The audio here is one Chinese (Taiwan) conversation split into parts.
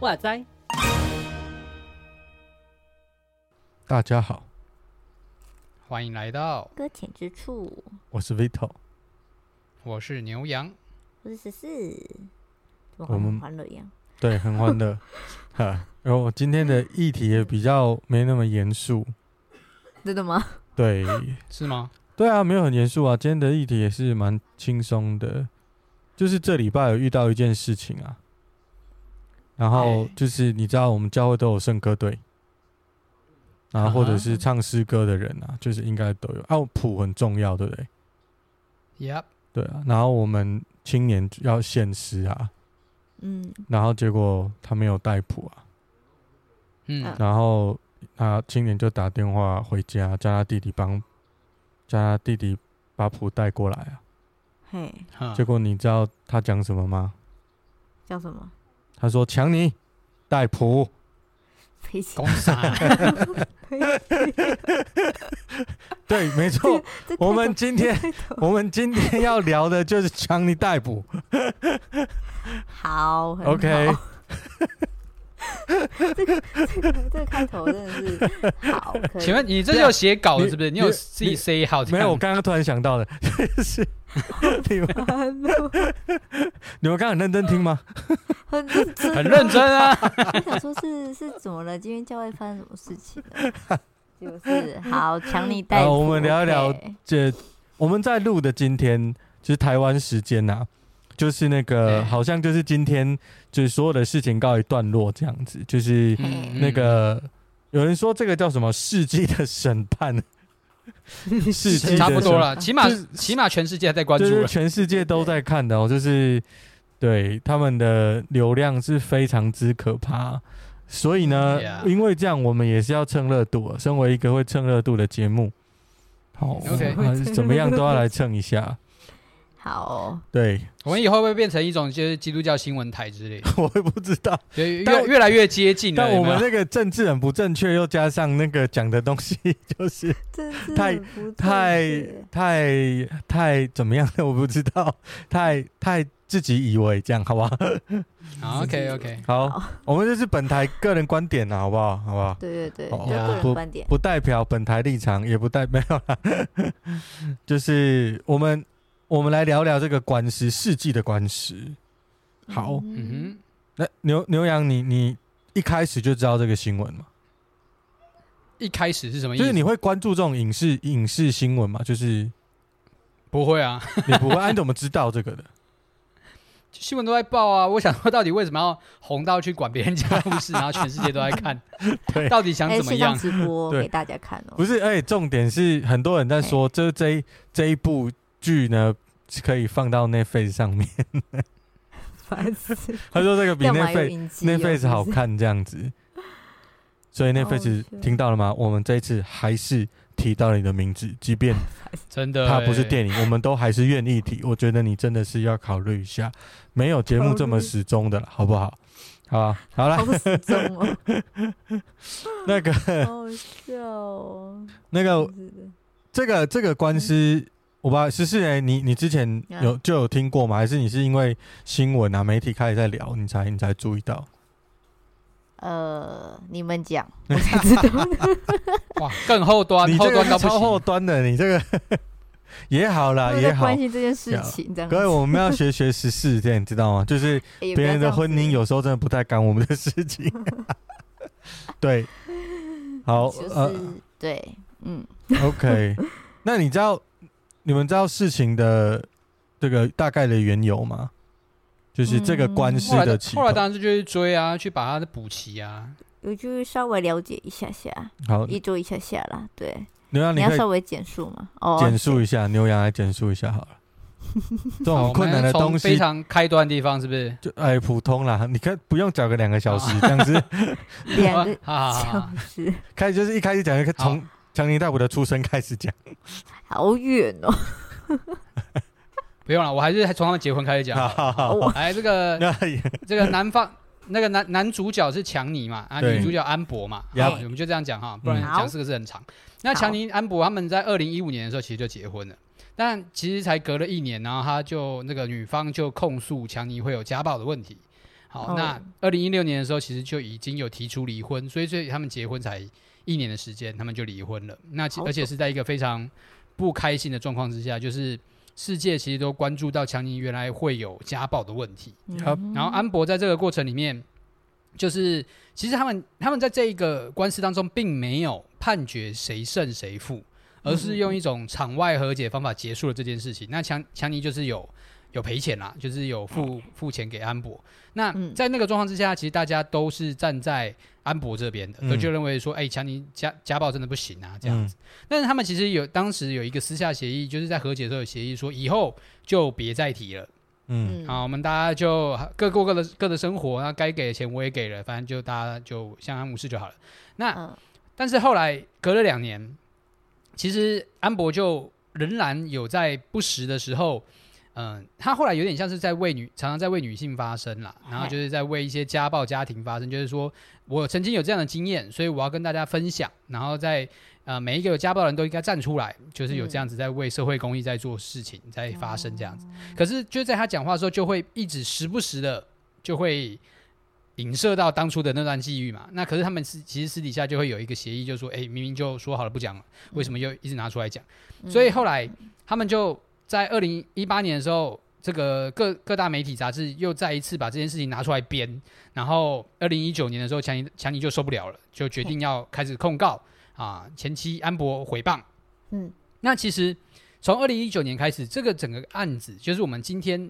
哇塞！大家好，歡迎來到擱淺之處。我是 Vito，我是牛羊，我是十四，我們歡樂一樣。對，很歡樂，哈。 然後我今天的議題也比較沒那麼嚴肅，真的嗎？對， 是嗎？對啊，沒有很嚴肅啊。今天的議題也是蠻輕鬆的，就是這禮拜有遇到一件事情啊。然後就是你知道，我們教會都有聖歌隊，然後或者是唱詩歌的人啊， 就是應該都有。啊，譜很重要，對不對？Yep。對啊，然後我們青年要獻詩啊。嗯，然後結果他沒有帶譜啊，嗯，然後他今年就打電話回家，叫他弟弟幫，叫他弟弟把譜帶過來啊，嘿，結果你知道他講什麼嗎？講什麼？他說：“強尼，帶譜。”沒勁，對，沒錯，我們今天我們今天要聊的就是強尼帶譜，好，OK，這個這個這個開頭真的是好。請問你這要寫稿是不是？你有 C c 好？沒有，我剛剛突然想到的，是。 你們，剛 很認真聽嗎？很認真，很認真啊！ 我想說是，是是怎麼了？今天教會發生什麼事情了？ 就是好強尼帶、啊，我們聊一聊。這 Okay 我們在錄的今天，就是台灣時間啊，就是那個、欸、好像就是今天，就是所有的事情告一段落這樣子。就是那個、欸、有人說這個叫什麼世紀的審判。是 差不多了，起碼起碼全世界在關注了，就是就是、全世界都在看的，哦。Okay. 就是對他們的流量是非常之可怕。Mm hmm. 所以呢，Yeah. 因為這樣我們也是要蹭熱度，身為一個會蹭熱度的節目，好，Okay. 嗯、是怎麼樣都要來蹭一下。 好、哦，對，我們以後會不會變成一種就是基督教新聞台之類？ 我也不知道，越但越來越接近有沒有，但我們那個政治很不正確，又加上那個講的東西就是，是太太太太怎麼樣？我不知道，太太自己以為這樣，好不好？OK OK，好，好，我們這是本台個人觀點啦，好不好？好不好？對對對，也好、哦、不不代表本台立場，也不代表，啦 就是我們。我們來聊聊這個官司，世紀的官司。好，嗯哼，那牛牛羊，你你一開始就知道這個新聞嗎？一開始是什麼意思？就是你會關注這種影視影視新聞嗎？就是不會啊， 你不會，安怎麼知道這個的？ 新聞都在報啊，我想說，到底為什麼要紅到去管別人家的故事， 然後全世界都在看？ 對，到底想怎麼樣，欸、直播對給大家看，哦、不是，哎、欸，重點是很多人在說，欸、這這這一部。劇呢，可以放到那 face 上面， 來 他說這個比那 face 那 face 好看這樣子，所以那 face 聽到了嗎？我們這一次還是提到了你的名字，即便他不是電影，欸、我們都還是願意提。我覺得你真的是要考慮一下，沒有節目這麼始終的慮好不好？好吧，好了，喔、 那個好笑、喔，那個這個這個官司。嗯我把十四哎，你你之前有就有聽過嗎？還是你是因為新聞啊媒體開始在聊，你才你才注意到？呃，你們講，我才知道。哇，更後端，你後端超後端的，你這個也好啦，也好，關心這件事情。各位我們要學學十四天，你知道嗎？就是別人的婚姻有時候真的不太干我們的事情。對，好呃，對，嗯，OK，那你知道？你們知道事情的這個大概的緣由嗎？嗯、就是這個官司的起後，後來當然是去追啊，去把它補齊啊，我就稍微了解一下下，好，一周一下下啦。對，牛羊你要稍微減速嘛，哦，減速一下，是牛羊來減速一下好了。 這種困難的東西，非常開端的地方是不是？就哎，普通啦，你可以不用找個兩個小時好、啊、這樣子，兩 小時，啊啊啊、 開始就是一開始講一個從。從強尼戴普的出生開始講，好遠哦。不用了，我還是從他們結婚開始講。好好好，哎，這個這個男方那個男男主角是強尼嘛？啊，女主角安博嘛？我們就這樣講哈，不然講四個字很長。那強尼安博他們在二零一五年的時候其實就結婚了，但其實才隔了一年，然後他就那個女方就控訴強尼會有家暴的問題。好，那二零一六年的時候，其實就已經有提出離婚，所以所以他們結婚才。一年的時間，他們就離婚了。那而且是在一個非常不開心的狀況之下，就是世界其實都關注到強尼原來會有家暴的問題。Yeah. 然後安博在這個過程裡面，就是其實他們他們在這一個官司當中，並沒有判決誰勝誰負，而是用一種場外和解方法結束了這件事情。那強強尼就是有。有賠錢啦、啊，就是有付、嗯、付錢給安博。那在那個狀況之下，其實大家都是站在安博這邊的，嗯、就認為說：“哎，強尼家你家、家暴真的不行啊，這樣子。嗯”但是他們其實有當時有一個私下協議，就是在和解的時候有協議說，以後就別再提了。嗯，好、啊，我們大家就各過各的各的生活，那、啊、該給的錢我也給了，反正就大家就相安無事就好了。那、嗯、但是後來隔了兩年，其實安博就仍然有在不時的時候。嗯、呃，他後來有點像是在為女常常在為女性發聲啦。然後就是在為一些家暴家庭發聲，嘿就是說我曾經有這樣的經驗，所以我要跟大家分享。然後在呃每一個有家暴的人都應該站出來，就是有這樣子在為社會公益在做事情，是在發生這樣子。嗯、可是就在他講話的時候，就會一直時不時的就會影射到當初的那段際遇嘛。那可是他們其實私底下就會有一個協議就是，就說哎明明就說好了不講了，嗯、為什麼又一直拿出來講？嗯、所以後來他們就。在二零一八年的時候，這個各各大媒體雜誌又再一次把這件事情拿出來編。然後二零一九年的時候，強尼強尼就受不了了，就決定要開始控告，嗯、啊，前妻安博誹謗。嗯，那其實從二零一九年開始，這個整個案子，就是我們今天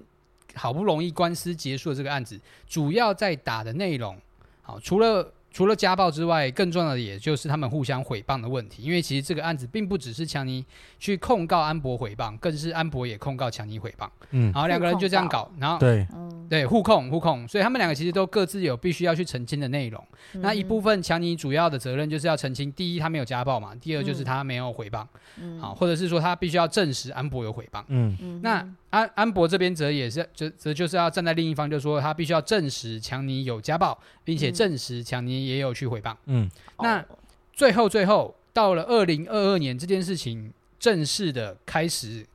好不容易官司結束的這個案子，主要在打的內容，好，啊，除了。除了家暴之外，更重要的也就是他們互相毀謗的問題，因為其實這個案子並不只是強尼去控告安博毀謗，更是安博也控告強尼毀謗。嗯，然後兩個人就這樣搞，控告，然後對。嗯。對，互控互控，所以他們兩個其實都各自有必須要去澄清的內容。嗯、那一部分，強尼主要的責任就是要澄清：第一，他沒有家暴嘛；第二，就是他沒有毀謗。嗯，好、啊，或者是說他必須要證實安博有毀謗。嗯，那安、安博這邊則也是則、則就是要站在另一方，就是說他必須要證實強尼有家暴，並且證實強尼也有去毀謗。嗯，那最後、最後到了二零二二年，這件事情正式的開始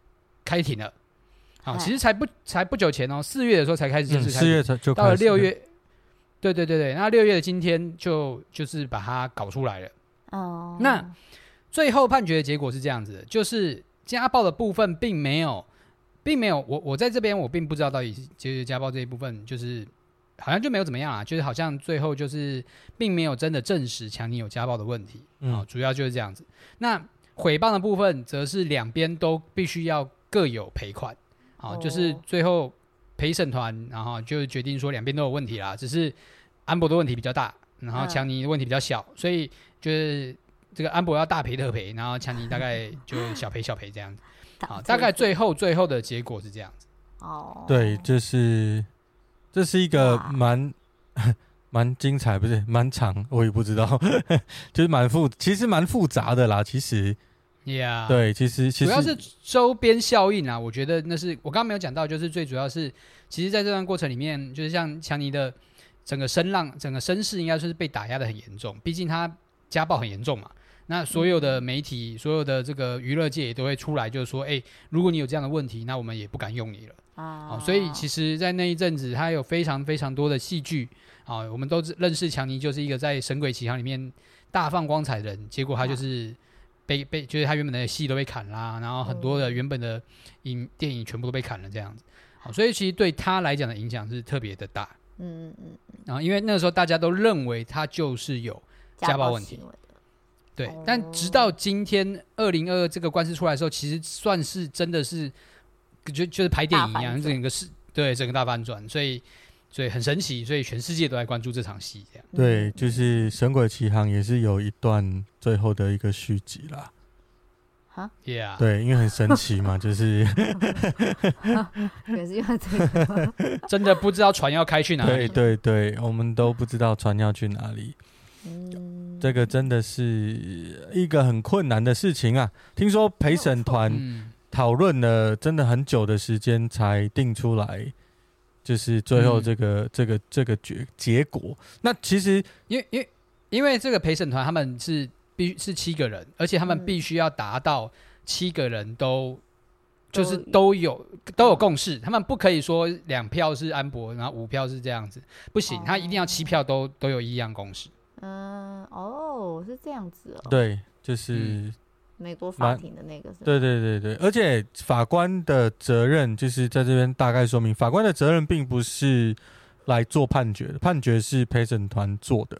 開庭了。啊，哦、嘿其實才不才不久前哦，四月的時候才開始，正式開始，四月才就到了六月，對對對對，那六月的今天就就是把它搞出來了。哦、嗯，那最後判決的結果是這樣子的，就是家暴的部分並沒有，並沒有我我在這邊我並不知道到底就是家暴這一部分，就是好像就沒有怎麼樣啊，就是好像最後就是並沒有真的證實強尼有家暴的問題。嗯、哦，主要就是這樣子。那毀謗的部分，則是兩邊都必須要各有賠款。就是最後陪審團，然後就決定說，兩邊都有問題啦，只是安博的問題比較大，然後強尼的問題比較小，所以就是這個安博要大賠特賠，然後強尼大概就小賠小賠這樣子。好，大概最後最後，最後的結果是這樣子。哦，對，就是這是一個蠻蠻精彩，不是蠻長，我也不知道，就是蠻複，其實蠻複雜的啦，其實。Yeah，對，其實，其實主要是周邊效應啊。我覺得那是我剛剛沒有講到，就是最主要是，其實在這段過程裡面，就是像強尼的整個聲浪、整個聲勢，應該是被打壓得很嚴重。畢竟他家暴很嚴重嘛，那所有的媒體、嗯、所有的這個娛樂界也都會出來，就是說，誒，如果你有這樣的問題，那我們也不敢用你了啊，啊。所以，其實，在那一陣子，他有非常非常多的戲劇啊，我們都認識強尼，就是一個在《神鬼奇俠》裡面大放光彩的人，結果他就是。啊被被就是他原本的戲都被砍啦，啊，然後很多的原本的影，嗯、電影全部都被砍了這樣子，好，所以其實對他來講的影響是特別的大，嗯嗯嗯，然，嗯、後，啊、因為那個時候大家都認為他就是有家暴問題，對，嗯、但直到今天二零二二這個官司出來的時候，其實算是真的是就就是拍電影一，啊、樣，整個是對整個大翻轉，所以。所以很神奇，所以全世界都在關注這場戲。對，就是《神鬼奇航》也是有一段最後的一個續集啦。對，因為很神奇嘛，就是，真的不知道船要開去哪裡，對對對，我們都不知道船要去哪裡。這個真的是一個很困難的事情啊。聽說陪審團討論了真的很久的時間才定出來。就是最後這個、嗯、這個這個結結果，那其實因為因為因為這個陪審團他們是必須是七個人，而且他們必須要達到七個人都、嗯、就是都有都，都有共識，嗯、他們不可以說兩票是安博，然後五票是這樣子，不行，嗯、他一定要七票都都有一樣共識。嗯，哦，是這樣子哦，對，就是。嗯美國法庭的那個是？對對對對，而且法官的責任就是在這邊大概說明，法官的責任並不是來做判決的，判決是陪審團做的。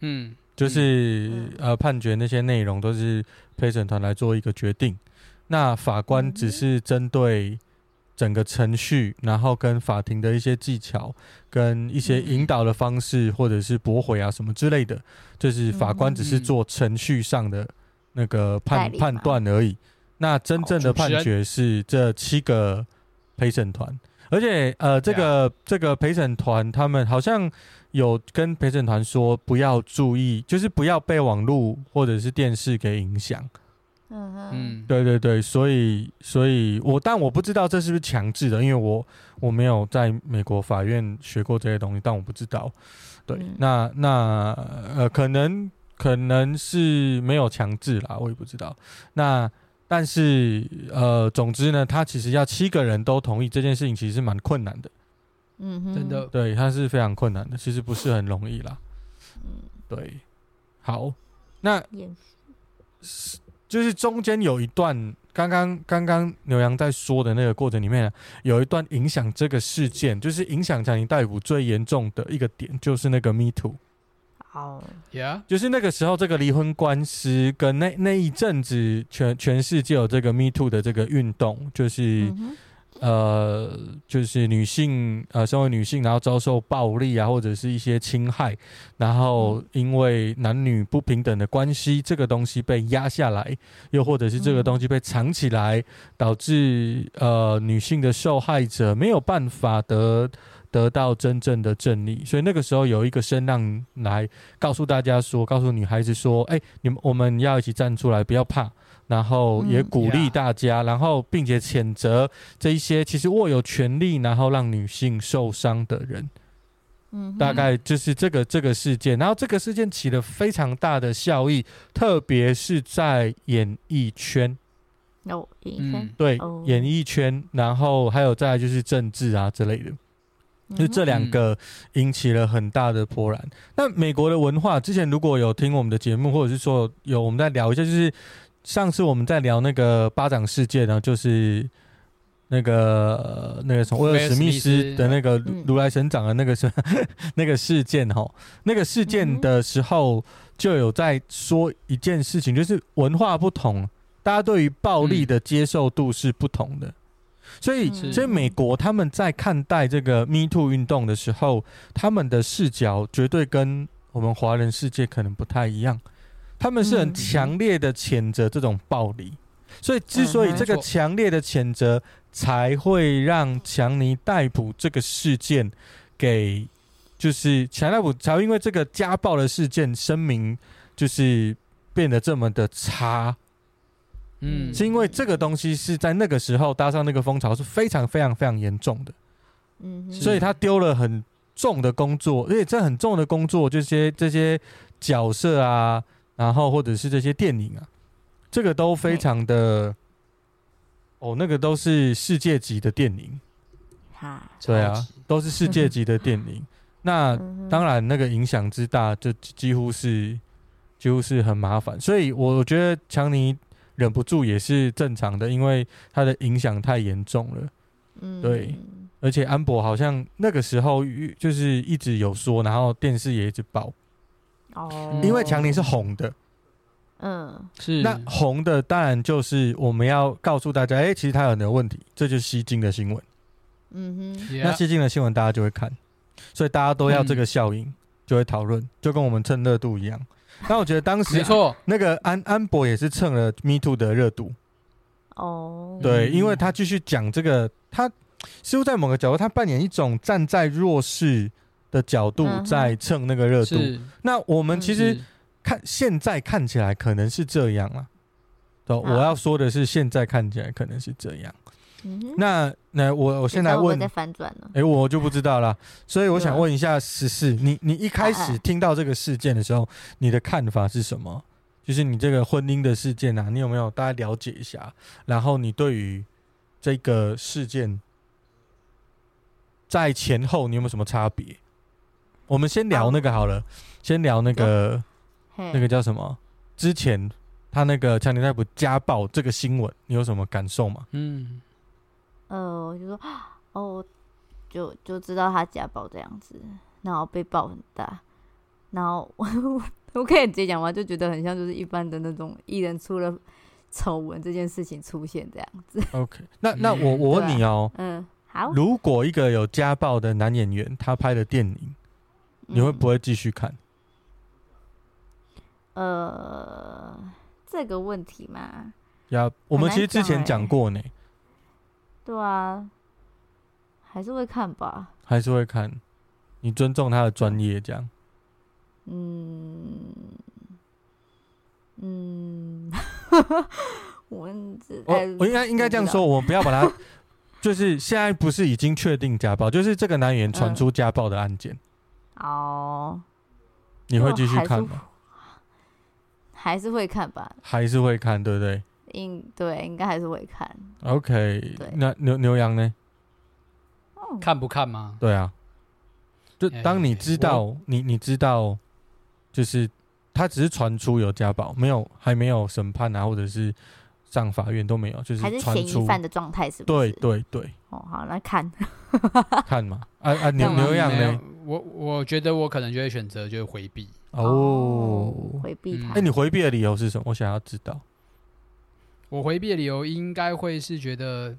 嗯，就是、嗯、呃，判決那些內容都是陪審團來做一個決定，那法官只是針對整個程序，嗯、哼然後跟法庭的一些技巧跟一些引導的方式，嗯、哼或者是駁回啊什麼之類的，就是法官只是做程序上的。嗯那個判判斷而已，那真正的判決是這七個陪審團。哦，就是、而且呃，這個 Yeah. 這個陪審團他們好像有跟陪審團說不要注意，就是不要被網絡或者是電視給影響。嗯，哼嗯，對對對，所以所以我，我但我不知道這是不是強制的，因為我我沒有在美國法院學過這些東西，但我不知道。對，嗯、那那呃，可能。可能是沒有強制啦，我也不知道。那但是呃，總之呢，他其實要七個人都同意這件事情，其實是蠻困難的。嗯哼，真的，對，他是非常困難的，其實不是很容易啦。嗯，對。好，那 Yes. 是就是中間有一段，剛剛剛剛牛羊在說的那個過程裡面，有一段影響這個事件，就是影響強尼戴普最嚴重的一個點，就是那個 Me Too。好 yeah 就是那個時候，這個離婚官司跟那那一陣子全，全全世界有這個 Me Too 的這個運動，就是、嗯、哼呃，就是女性呃，身為女性然後遭受暴力啊，或者是一些侵害，然後因為男女不平等的關係，這個東西被壓下來，又或者是這個東西被藏起來，嗯、哼導致呃，女性的受害者沒有辦法的，得到真正的正義，所以那個時候有一個聲浪來告訴大家說，告訴女孩子說：“哎、欸，你們我們要一起站出來，不要怕。”然後也鼓勵大家，嗯、然後並且譴責這一些其實握有權力，然後讓女性受傷的人。嗯、哼大概就是這個這個事件，然後這個事件起了非常大的效益，特別是在演藝圈。嗯、對哦，演藝圈對，演藝圈，然後還有再來就是政治啊之類的。就是這兩個引起了很大的波瀾。嗯、那美國的文化，之前如果有聽我們的節目，或者是說有我們在聊一下，就是上次我們在聊那個巴掌事件呢、啊，就是那個、呃、那個什麼威爾史密斯的那個、嗯、如來神掌的那個什麼 那個事件吼，那個事件的時候就有在說一件事情，嗯、就是文化不同，大家對於暴力的接受度是不同的。嗯所以，所以美國，他們在看待這個 Me Too 運動的時候，他們的視角絕對跟我們華人世界可能不太一樣。他們是很強烈的譴責這種暴力，所以之所以這個強烈的譴責，才會讓強尼逮捕這個事件給就是強尼逮捕，才會因為這個家暴的事件聲明就是變得這麼的差。嗯，是因為這個東西是在那個時候搭上那個風潮是非常非常非常嚴重的，嗯哼，所以他丟了很重的工作，而且這很重的工作，這些這些角色啊，然後或者是這些電影啊，這個都非常的，嗯、哦，那個都是世界級的電影，哈對啊，級都是世界級的電影。嗯、哼那、嗯、哼當然那個影響之大，就幾乎是幾乎是很麻煩，所以我覺得強尼。忍不住也是正常的，因為它的影響太嚴重了。嗯，對，而且安博好像那個時候就是一直有說，然後電視也一直報。哦，因為強尼是紅的。嗯，是。那紅的當然就是我們要告訴大家，哎是、欸，其實他有很多問題，這就是吸睛的新聞。嗯哼。Yeah. 那吸睛的新聞大家就會看，所以大家都要這個效應，就會討論，嗯、就跟我們蹭熱度一樣。那我覺得當時、啊、沒錯，那個安安博也是蹭了 Me Too 的熱度哦，對，嗯、因為他繼續講這個，他似乎在某個角度，他扮演一種站在弱勢的角度在蹭那個熱度。嗯、哼那我們其實看是現在看起來可能是這樣了，對，嗯、我要說的是現在看起來可能是這樣。嗯、那那我我現在問，哎、欸，我就不知道了。哎、呀所以我想問一下，十四、啊，你你一開始聽到這個事件的時候，啊哎、你的看法是什麼？就是你這個婚姻的事件啊，你有沒有大家了解一下？然後你對於這個事件在前後你有沒有什麼差別？我們先聊那個好了，啊、先聊那個、啊、那個叫什麼？嘿之前他那個強尼·戴普家暴這個新聞，你有什麼感受嗎？嗯。呃，我就說，哦，就就知道他家暴這樣子，然後被爆很大，然後我我可以直接講嗎？就覺得很像就是一般的那種藝人出了醜聞這件事情出現這樣子。OK，那那我、嗯、我問吧你哦、喔，嗯，好，如果一個有家暴的男演員他拍的電影，你會不會繼續看、嗯？呃，這個問題嘛，呀 Yeah,、欸，我們其實之前講過呢、欸。對啊，還是會看吧。還是會看，你尊重他的專業這樣。嗯嗯，嗯呵呵我，哦，我應該應該這樣說，我不要把他 就是現在不是已經確定家暴，就是這個男演員傳出家暴的案件。嗯，哦，你會繼續看嗎？還？還是會看吧。還是會看，對不對？對應對應該還是會看。OK，對那牛牛羊呢？哦、看不看嗎？對啊，就當你知道欸欸欸你你知道，就是他只是傳出有家暴，沒有還沒有審判啊，或者是上法院都沒有，就是傳出還是嫌疑犯的狀態，是不是？對對對。哦，好那看 看嘛。啊啊，嘛牛牛羊呢？我我覺得我可能就會選擇就是回避哦，回避他、嗯欸，你回避的理由是什麼？我想要知道。我回避的理由應該會是覺得，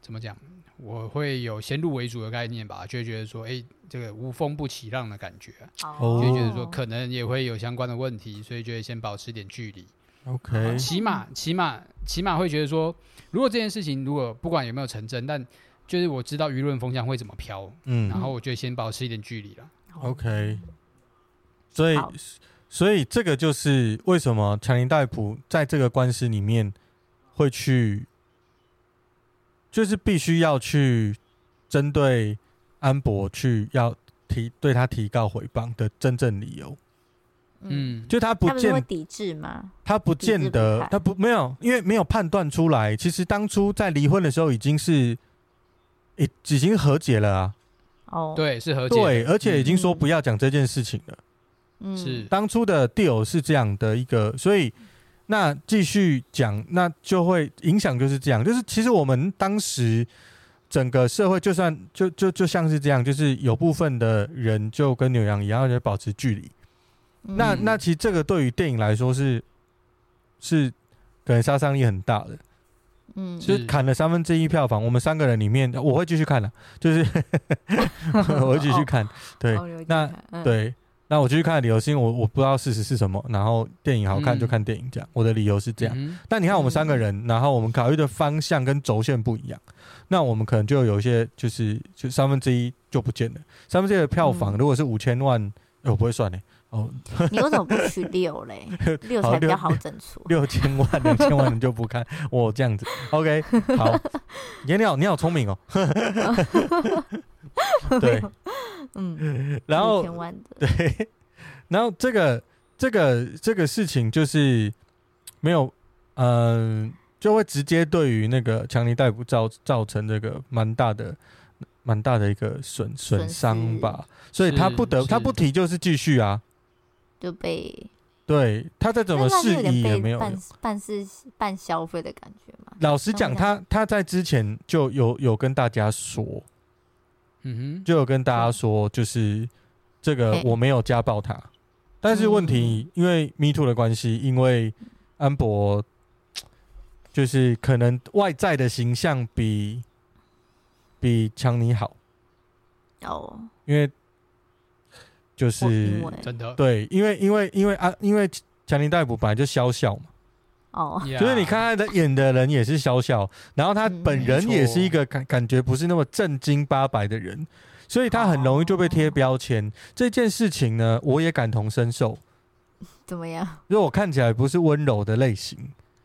怎麼講？我會有先入為主的概念吧，就會覺得說，哎、欸，這個無風不起浪的感覺、啊，oh. 就會覺得說可能也會有相關的問題，所以就會先保持一點距離。OK，起碼起碼起碼會覺得說，如果這件事情如果不管有沒有成真，但就是我知道輿論風向會怎麼飄，嗯，然後我就先保持一點距離了。OK，好所以所以這個就是為什麼強尼戴普在這個官司裡面。會去，就是必須要去針對安博去要提對他提告誹謗的真正理由。嗯，就他不見他不,他不見得，他不沒有，因為沒有判斷出來。其實當初在離婚的時候已經是、欸、已經和解了啊。哦，對，是和解，對，而且已經說不要講這件事情了。嗯，嗯當初的 deal 是這樣的一個，所以。那繼續講，那就會影響就是這樣，就是其實我們當時整個社會，就算就就就像是這樣，就是有部分的人就跟牛羊一樣，就保持距離。嗯、那那其實這個對於電影來說是是可能殺傷力很大的，嗯，就是砍了三分之一票房。嗯、我們三個人裡面，嗯、我會繼續看的、啊，就是 我會繼續看，哦、對，哦、那對。那我繼續看的理由，是因為我我不知道事實是什麼，然後電影好看就看電影這樣。嗯、我的理由是這樣。嗯、但你看我們三個人，然後我們考慮的方向跟軸線不一樣，那我們可能就有一些就是就三分之一就不見了。三分之一的票房如果是五千萬、嗯欸，我不會算的、欸。你為什麼不取六嘞？六 6, 才比較好整除。6, 六千萬、兩千萬，你就不看 我這樣子。OK，好，你 你好，你好聰明哦。 對，嗯，然後，六千萬對，然後這個這個這個事情就是沒有，嗯、呃，就會直接對於那個強尼戴普造造成這個蠻大的蠻大的一個損損傷吧，失所以他不得他不提，就是繼續啊。就被對，他再怎麼示意也沒有，沒有，有辦辦事辦消費的感覺嘛。老實講，他他在之前就有有跟大家說，嗯哼，就有跟大家說，就是這個我沒有家暴他，嘿但是問題、嗯、因為 Me Too 的關係，因為安博就是可能外在的形象比比強尼好哦，因為。就是對，因為因為因為啊，因為強尼戴普本來就肖小，小嘛，哦，oh. yeah. 就是你看他的演的人也是肖小，小，然後他本人也是一個感感覺不是那麼正經八百的人，嗯、所以他很容易就被貼標籤。Oh, oh, oh. 這件事情呢，我也感同身受。怎麼樣？因為我看起來不是溫柔的類型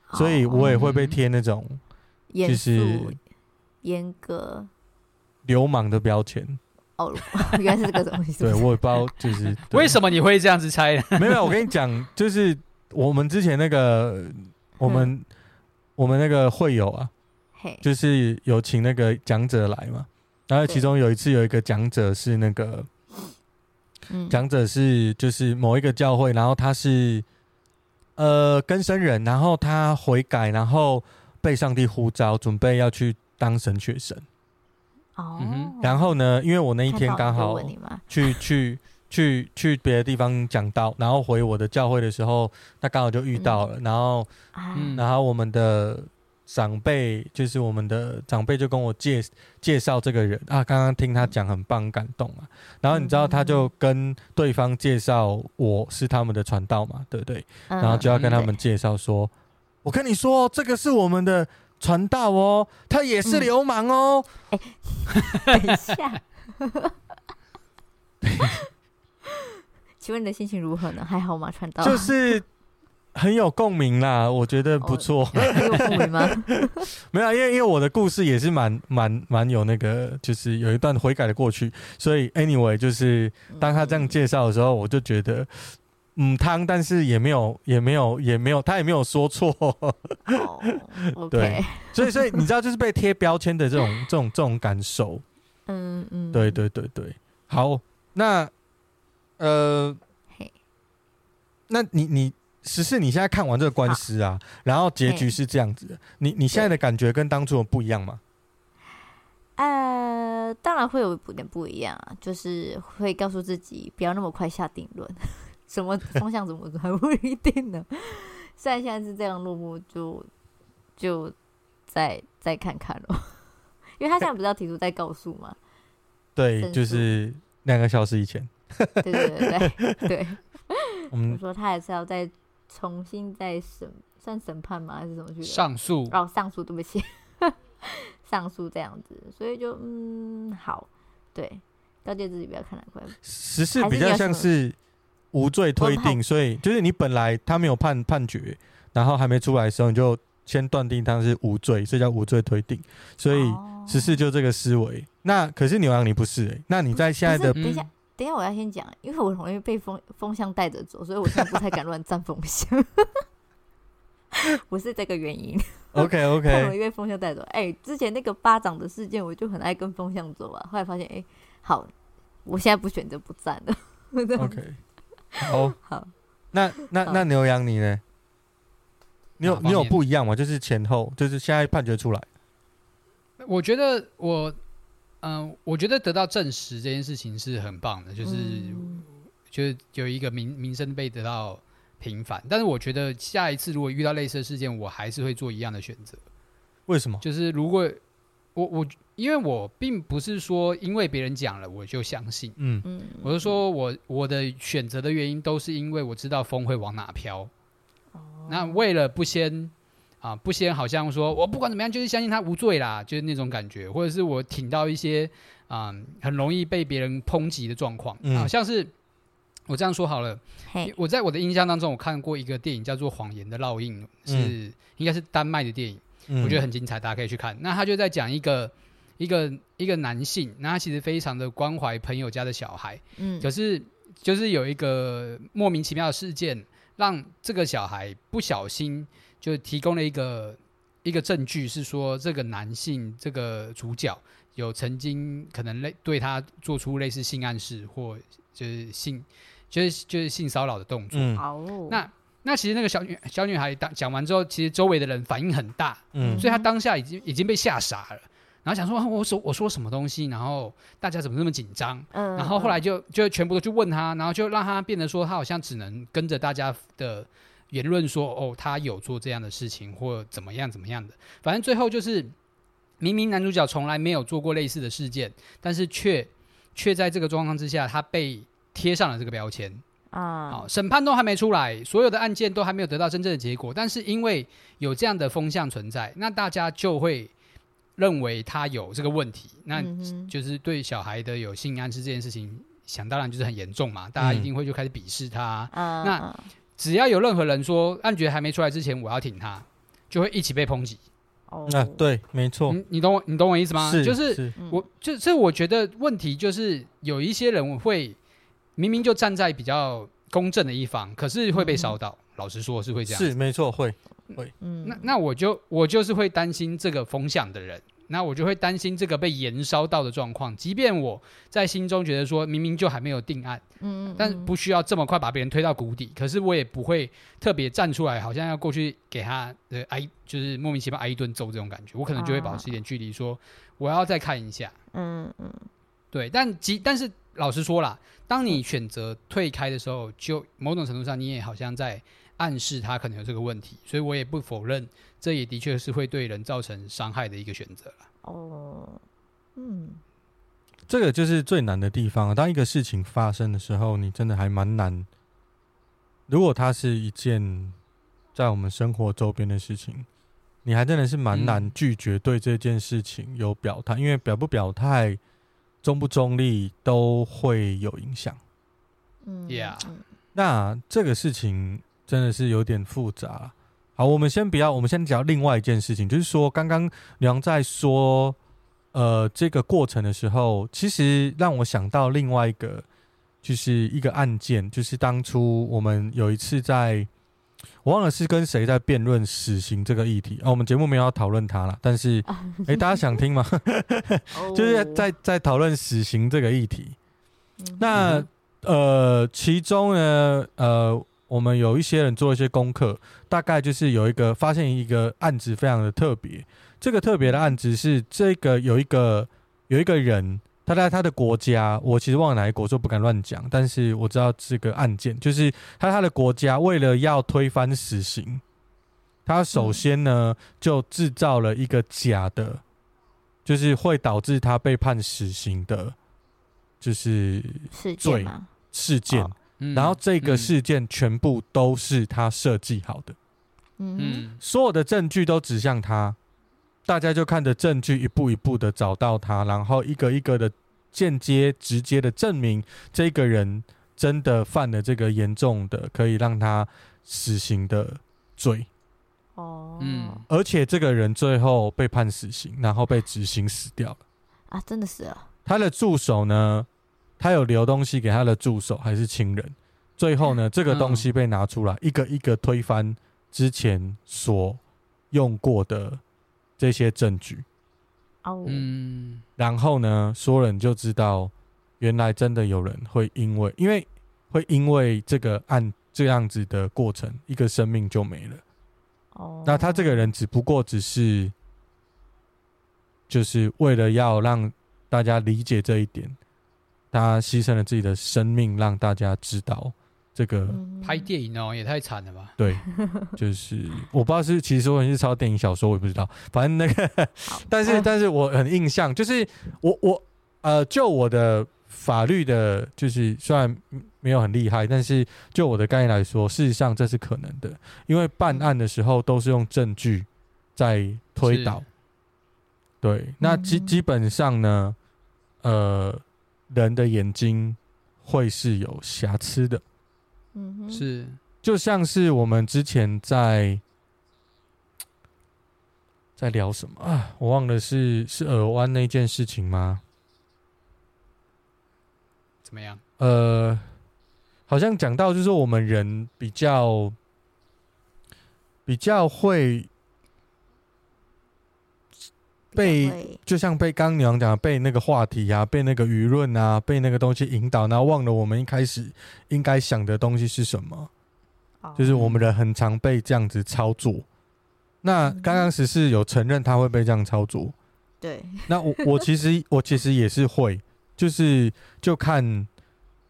，oh, 所以我也會被貼那種、嗯、就是嚴格流氓的標籤。 原來是這個東西是不是？ 對，我也不知道，就是，為什麼你會這樣子猜呢？沒有，我跟你講，就是我們之前那個，我們、嗯、我們那個會友啊，嘿就是有請那個講者來嘛。然後其中有一次，有一個講者是那個，講對者是就是某一個教會，然後他是、嗯、呃更生人，然後他悔改，然後被上帝呼召，準備要去當神學生。嗯哼，嗯哼，然後呢？因為我那一天剛好去去去去別的地方講道， 然後回我的教會的時候，他剛好就遇到了。嗯、然後，啊、然後我們的長輩就是我們的長輩就跟我介介紹這個人啊，剛剛聽他講很棒，嗯、感動嘛。然後你知道他就跟對方介紹我是他們的傳道嘛，對不對？嗯、然後就要跟他們介紹說，嗯、我跟你說，這個是我們的。傳道哦，他也是流氓哦。嗯欸、等一下， 請問你的心情如何呢？還好嗎？傳道就是很有共鳴啦， 我覺得不錯。有共鳴嗎？ 沒有、啊，因為因為我的故事也是蠻蠻蠻有那個，就是有一段悔改的過去，所以 anyway，就是當他這樣介紹的時候，嗯、我就覺得。嗯，湯，但是也沒有，也沒有，也沒有，他也沒有說錯。哦，oh, okay. 對，所以，所以，你知道，就是被貼標籤的這種， 這種，這種感受。嗯嗯。嗯對對對對，好，那，呃，嘿，Hey. 那你你，時事，你現在看完這個官司啊，好然後結局是這樣子的，Hey. 你你現在的感覺跟當初有不一樣嗎？呃，當然會有一點不一樣啊，就是會告訴自己不要那麼快下定論。什麼方向，怎麼還不一定呢？ 雖然現在是這樣落幕，就就再再看看了， 因為他現在不是要提出再告訴嗎？對，訴就是兩個小時以前。對對對對， 對我們 我說他還是要再重新再審，算審判嗎？還是什麼去上訴述？哦，上訴，對不起， 上訴這樣子，所以就嗯，好，對，告誡自己不要看太快。時事比較像是。無罪推定，嗯、所以就是你本來他沒有判判決，然後還沒出來的時候，你就先斷定他是無罪，所以叫無罪推定。所以十四就這個思維。哦、那可是牛羊你不是哎、欸，那你在現在的等一下、嗯、等一下我要先講，因為我容易被風風向帶着走，所以我現在不太敢亂站風向，不 是這個原因。OK OK，太容易被風向帶走。哎、欸，之前那個巴掌的事件，我就很愛跟風向走啊。後來發現哎、欸，好，我現在不選擇不站了。 OK。Oh, 好，好，那那那牛羊你呢？你有你有不一樣嗎？就是前後，就是現在判決出來，我覺得我，嗯、呃，我覺得得到證實這件事情是很棒的，就是，嗯、就是有一個名名聲被得到平反。但是我覺得下一次如果遇到類似的事件，我還是會做一樣的選擇。為什麼？就是如果。我我，因為我並不是說因為別人講了我就相信，嗯嗯，我是說我，我我的選擇的原因都是因為我知道風會往哪飄。哦、那為了不先啊、呃，不先好像說我不管怎麼樣就是相信他無罪啦，就是那種感覺，或者是我挺到一些啊、呃、很容易被別人抨擊的狀況啊，嗯、像是我這樣說好了，嘿我在我的印象當中我看過一個電影叫做《謊言的烙印》是，是、嗯、應該是丹麥的電影。我覺得很精彩，大家可以去看。嗯、那他就在講一個，一個一個男性，那他其實非常的關懷朋友家的小孩。嗯，可是就是有一個莫名其妙的事件，讓這個小孩不小心就提供了一個一個證據，是說這個男性這個主角有曾經可能類對他做出類似性暗示或就是性就是就是性騷擾的動作。哦、嗯，那。那其實那個小女小女孩講完之後，其實周圍的人反應很大，嗯，所以她當下已經已經被嚇傻了，然後想說，啊，我說我說什麼東西，然後大家怎麼那麼緊張？嗯，然後後來就就全部都去問她，然後就讓她變得說，她好像只能跟着大家的言論說，哦，她有做這樣的事情或怎麼樣怎麼樣的，反正最後就是明明男主角從來沒有做過類似的事件，但是卻卻在這個狀況之下，他被貼上了這個標籤。啊，嗯、好，審判都還沒出來，所有的案件都還沒有得到真正的結果。但是因為有這樣的風向存在，那大家就會認為他有這個問題，嗯、那、嗯、哼就是對小孩的有性暗示這件事情，想當然就是很嚴重嘛，大家一定會就開始鄙視他。嗯嗯、那只要有任何人說判決還沒出來之前，我要挺他，就會一起被抨擊。哦、啊，對，沒錯，嗯、你懂我，你懂我意思嗎？是就是，是我，就是我覺得問題就是有一些人會。明明就站在比較公正的一方，可是會被燒到。嗯、老實說，是會這樣。是，沒錯，會會。嗯，嗯，那那我就我就是會擔心這個風向的人，那我就會擔心這個被延燒到的狀況。即便我在心中覺得說，明明就還沒有定案，嗯，嗯，嗯，但是不需要這麼快把別人推到谷底。可是我也不會特別站出來，好像要過去給他的挨，呃、就是莫名其妙挨一頓揍這種感覺。我可能就會保持一點距離，說、啊、我要再看一下。嗯嗯，對。但即但是。老實說啦，當你選擇退開的時候，就某種程度上你也好像在暗示他可能有這個問題，所以我也不否認，這也的確是會對人造成傷害的一個選擇了。哦，嗯，這個就是最難的地方啊。當一個事情發生的時候，你真的還蠻難。如果它是一件在我們生活周邊的事情，你還真的是蠻難拒絕對這件事情有表態，嗯，因為表不表態。中不中立都會有影響，嗯，Yeah. 那這個事情真的是有點複雜。好，我們先不要，我們先講另外一件事情，就是說剛剛梁在說，呃，這個過程的時候，其實讓我想到另外一個，就是一個案件，就是當初我們有一次在。我忘了是跟誰在辯論死刑這個議題哦，我們節目沒有要討論它了，但是，哎、欸，大家想聽嗎？ 就是在在討論死刑這個議題，那呃，其中呢，呃，我們有一些人做一些功課，大概就是有一個發現一個案子非常的特別，這個特別的案子是這個有一個有一個人。他在他的國家，我其實忘了哪一國，就不敢亂講。但是我知道這個案件，就是他他的國家為了要推翻死刑，他首先呢、嗯、就製造了一個假的，就是會導致他被判死刑的，就是罪事件，事件。哦、然後這個事件全部都是他設計好的，嗯，嗯、所有的證據都指向他。大家就看着證據一步一步的找到他，然後一個一個的間接、直接的證明這個人真的犯了這個嚴重的可以讓他死刑的罪。哦，嗯，而且這個人最後被判死刑，然後被執行死掉了。啊，真的是了、哦。他的助手呢？他有留東西給他的助手還是親人？最後呢？這個東西被拿出來，嗯、一個一個推翻之前所用過的。這些證據嗯，然後呢，說了你就知道，原來真的有人會因為，因為會因為這個案這樣子的過程，一個生命就沒了。哦，那他這個人只不過只是，就是為了要讓大家理解這一點，他犧牲了自己的生命，讓大家知道。這個拍電影哦，也太慘了吧！對，就是我不知道是其實我很是抄電影小說，我也不知道。反正那個，好但是、啊、但是我很印象，就是我我呃，就我的法律的，就是雖然沒有很厲害，但是就我的概念來說，事實上這是可能的，因為辦案的時候都是用證據在推導。是對，嗯、那基基本上呢，呃，人的眼睛會是有瑕疵的。嗯，是，就像是我們之前在在聊什麼啊？我忘了是是耳灣那件事情嗎？怎麼樣？呃，好像講到就是說我們人比較比較會。被就像被剛剛你講的，被那個話題啊，被那個輿論啊，被那個東西引導，然後忘了我們一開始應該想的東西是什麼。哦、就是我們人很常被這樣子操作。嗯、那剛剛時事有承認他會被這樣操作。對。嗯、那我我其實我其實也是會，對 就是就看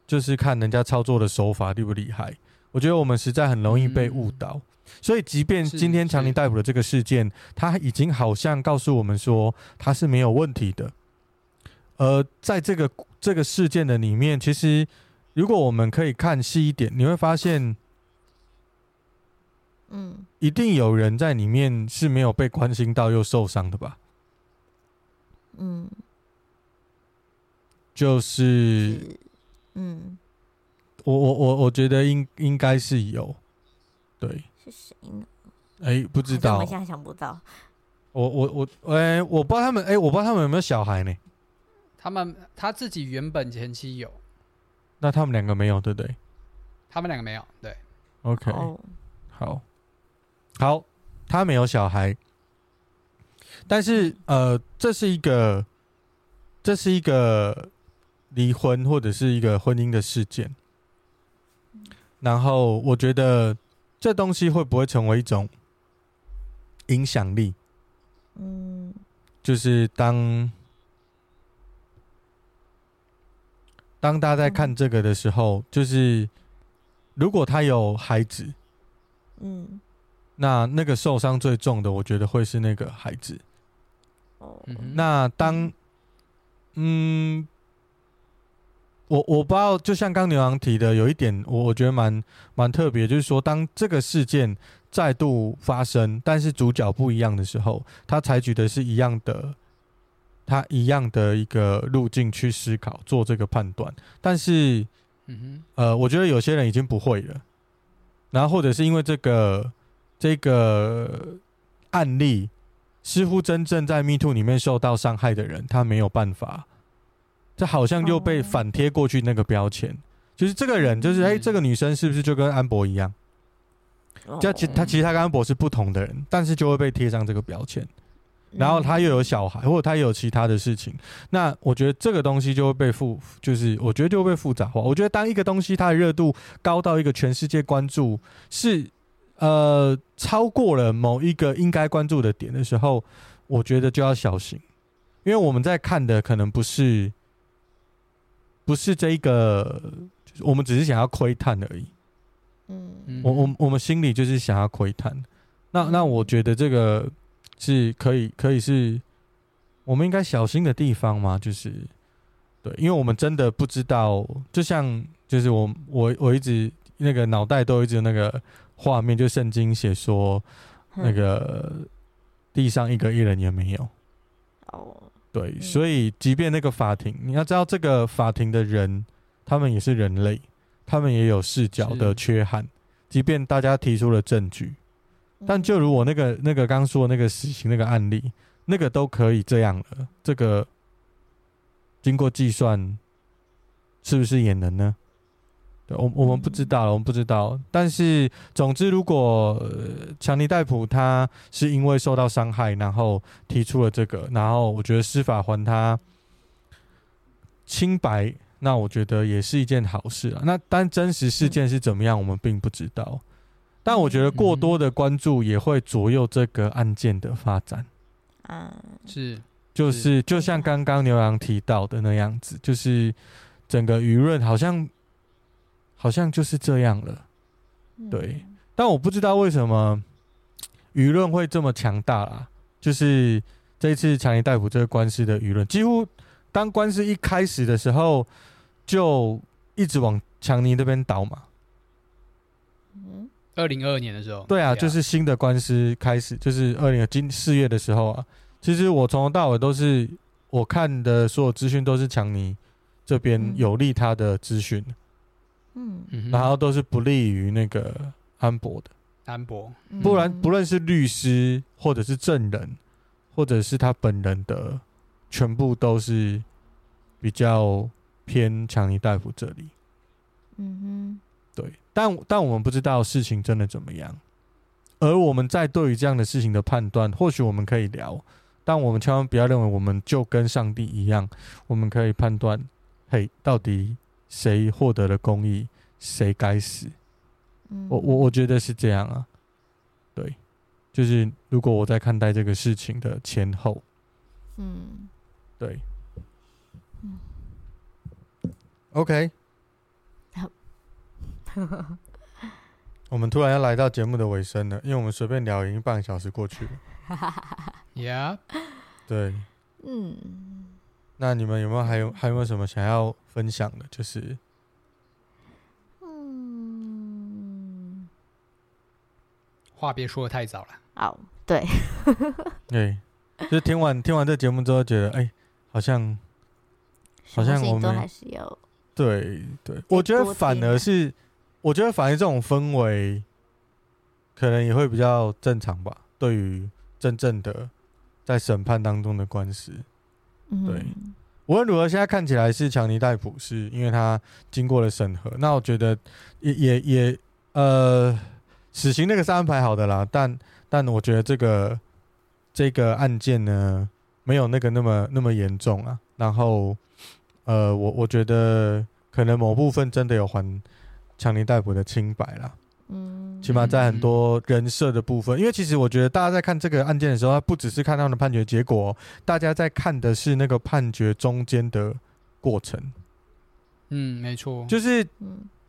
就是看人家操作的手法厲不厲害。我覺得我們實在很容易被誤導。嗯所以，即便今天強尼戴普的這個事件，他已經好像告訴我們說他是沒有問題的。呃，在這個這個事件的裡面，其實如果我們可以看細一點，你會發現，嗯，一定有人在裡面是沒有被關心到又受傷的吧？嗯，就是，嗯，我我我我覺得應應該是有，對。誰呢？哎、欸，不知道。我現在想不到。我我我，哎、欸，我不知道他們。哎、欸，我不知道他們有沒有小孩呢？他們他自己原本前妻有。那他們兩個沒有，對不對，對？他們兩個沒有，對。OK，、哦、好。好，他沒有小孩。但是，呃，這是一個，這是一個離婚或者是一個婚姻的事件。嗯、然後，我覺得。這東西會不會成為一種影響力？就是當當大家在看這個的時候，就是如果他有孩子，那那個受傷最重的，我覺得會是那個孩子。那當嗯。我我不知道，就像剛牛郎提的，有一點我我覺得蠻蠻特別，就是說當這個事件再度發生，但是主角不一樣的時候，他採取的是一樣的，他一樣的一個路徑去思考做這個判斷，但是，嗯哼，呃，我覺得有些人已經不會了，然後或者是因為這個這個案例，似乎真正在 MeToo 裡面受到傷害的人，他沒有辦法。這好像又被反貼過去那個標籤，oh. 就是這個人，就是哎、嗯欸，這個女生是不是就跟安博一樣？Oh. 就其他其實她跟安博是不同的人，但是就會被貼上這個標籤。然後她又有小孩，或者她有其他的事情，mm. 那我覺得這個東西就會被複，就是我覺得就會被複雜化。我覺得當一個東西它的熱度高到一個全世界關注是呃超過了某一個應該關注的點的時候，我覺得就要小心，因為我們在看的可能不是。不是這一個，就是，我們只是想要窺探而已。嗯，我我我們心裡就是想要窺探。那那我覺得這個是可以，可以是，我們應該小心的地方嘛？就是，對，因為我們真的不知道。就像，就是我我我一直那個腦袋都一直那個畫面，就聖經寫說，那個地上一個義人也沒有。哼沒有哦。對，所以即便那個法庭，你要知道這個法庭的人，他們也是人類，他們也有視角的缺憾。是即便大家提出了證據，但就如我那個那個剛剛說的那個死刑，那個案例，那個都可以這樣了，這個經過計算，是不是也能呢？我我們不知道，我們不知道。但是，總之，如果呃強尼戴普他是因為受到傷害，然後提出了這個，然後我覺得司法還他清白，那我覺得也是一件好事啊。那但真實事件是怎麼樣，我們並不知道。但我覺得過多的關注也會左右這個案件的發展。嗯，是，就是就像剛剛牛郎提到的那樣子，就是整個輿論好像。好像就是這樣了，對。但我不知道為什麼輿論會這麼強大啊！就是這一次強尼戴普這個官司的輿論，幾乎當官司一開始的時候，就一直往強尼那邊倒嘛。嗯，二零二二年的時候。對啊，就是新的官司開始，就是二零二四年四月的時候啊。其實我從頭到尾都是，我看的所有資訊都是強尼這邊有利他的資訊。嗯，然後都是不利於那個安博的，安博，不然不論是律師或者是證人，或者是他本人的，全部都是比較偏強尼戴普這裡。嗯哼，對，但但我們不知道事情真的怎麼樣，而我們在對於這樣的事情的判斷，或許我們可以聊，但我們千萬不要認為我們就跟上帝一樣，我們可以判斷，嘿，到底。誰獲得了公益，誰該死？嗯、哼我我我覺得是這樣啊。對，就是如果我在看待這個事情的前後，嗯，對，o k 我們突然要來到節目的尾聲了因為我們隨便聊一半個小時過去了。 yeah，對，嗯。那你們有沒有還有還有沒有什麼想要分享的？就是，嗯，話別說的太早了。哦，oh, 對， 對，就是聽完聽完這節目之後，覺得哎、欸，好像好像我們都還是有，對對，對我覺得反而是我覺得反而這種氛圍，可能也會比較正常吧。對於真正的在審判當中的官司。嗯、對，無論如何，現在看起來是強尼戴普，是因為他經過了審核。那我覺得也也也，呃，死刑那個是安排好的啦。但但我覺得這個這個案件呢，沒有那個那麼那麼嚴重啊。然後，呃，我我覺得可能某部分真的有還強尼戴普的清白啦。嗯，起碼在很多人設的部分，嗯、因為其實我覺得大家在看這個案件的時候，他不只是看他們的判決結果，大家在看的是那個判決中間的過程。嗯，沒錯，就是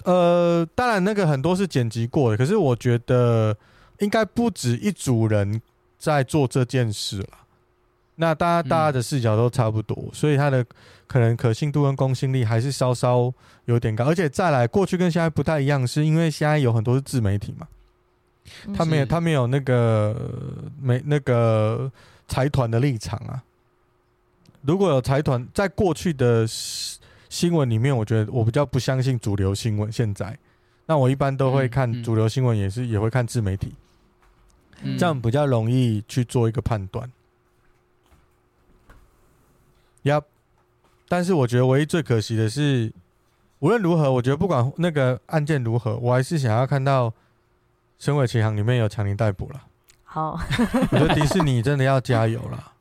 呃，當然那個很多是剪輯過的，可是我覺得應該不止一組人在做這件事了。那大家大家的視角都差不多，嗯、所以他的可能可信度跟公信力還是稍稍有點高。而且再來，過去跟現在不太一樣，是因為現在有很多是自媒體嘛，嗯、是他沒有他沒有那個沒那個財團的立場啊。如果有財團，在過去的新聞裡面，我覺得我比較不相信主流新聞。現在，那我一般都會看主流新聞，也是也會看自媒體，嗯嗯這樣比較容易去做一個判斷。要，yep, 但是我覺得唯一最可惜的是，無論如何，我覺得不管那個案件如何，我還是想要看到《神鬼奇航》裡面有強尼戴普了。好，oh. 我覺得迪士尼真的要加油了。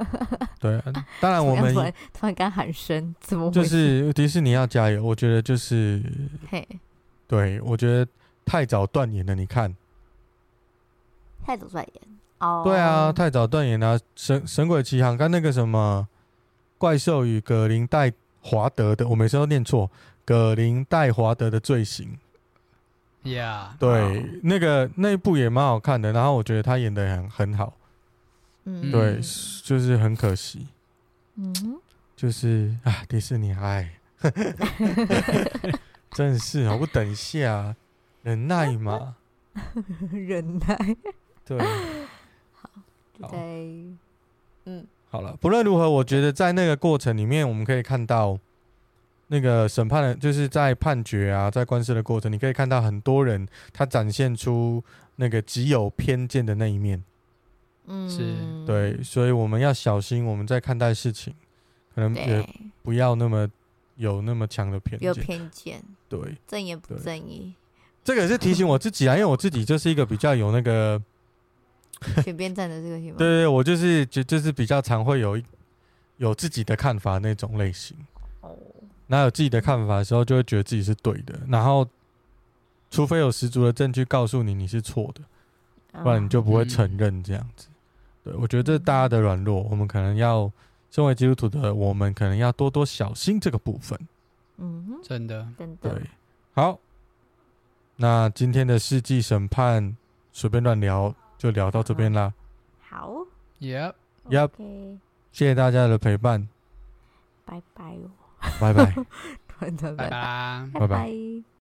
對，當然我們突然剛喊聲，怎麼會？就是迪士尼要加油，我覺得就是嘿，對，我覺得太早斷言了。你看，太早斷言哦，oh. 對啊，太早斷言了，啊。《神神鬼奇航》跟那個什麼。怪獸與葛林戴華德的，我每次都念錯。葛林戴華德的罪行，呀，Yeah, 對，Wow. 那個那一部也蠻好看的。然後我覺得他演得很很好，嗯、mm，hmm. 對，就是很可惜，嗯、mm，hmm. 就是啊，迪士尼，哎，呵呵 真的是啊，我等一下，忍耐嘛， 忍耐，對，好，對好嗯。好了，不論如何，我覺得在那個過程裡面，我們可以看到那個審判的，就是在判決啊，在官司的過程，你可以看到很多人他展現出那個極有偏見的那一面。嗯，是對，所以我們要小心我們在看待事情，可能也不要那麼有那麼強的偏見，有偏見。對，正也不正義，這個也是提醒我自己啊，因為我自己就是一個比較有那個。選邊站的這個行為， 對，對對，我就是就就是比較常會有有自己的看法的那種類型哦。那、oh. 有自己的看法的時候，就會覺得自己是對的，然後除非有十足的證據告訴你你是錯的，oh. 不然你就不會承認這樣子。嗯、對，我覺得這是大家的軟弱，我們可能要身為基督徒的，我們可能要多多小心這個部分。嗯、mm，hmm. 真的，真的。對。好，那今天的世紀審判，隨便亂聊，就聊到這邊啦，好，yep，yep，謝謝大家的陪伴，拜拜，拜拜，拜拜，拜拜，拜拜。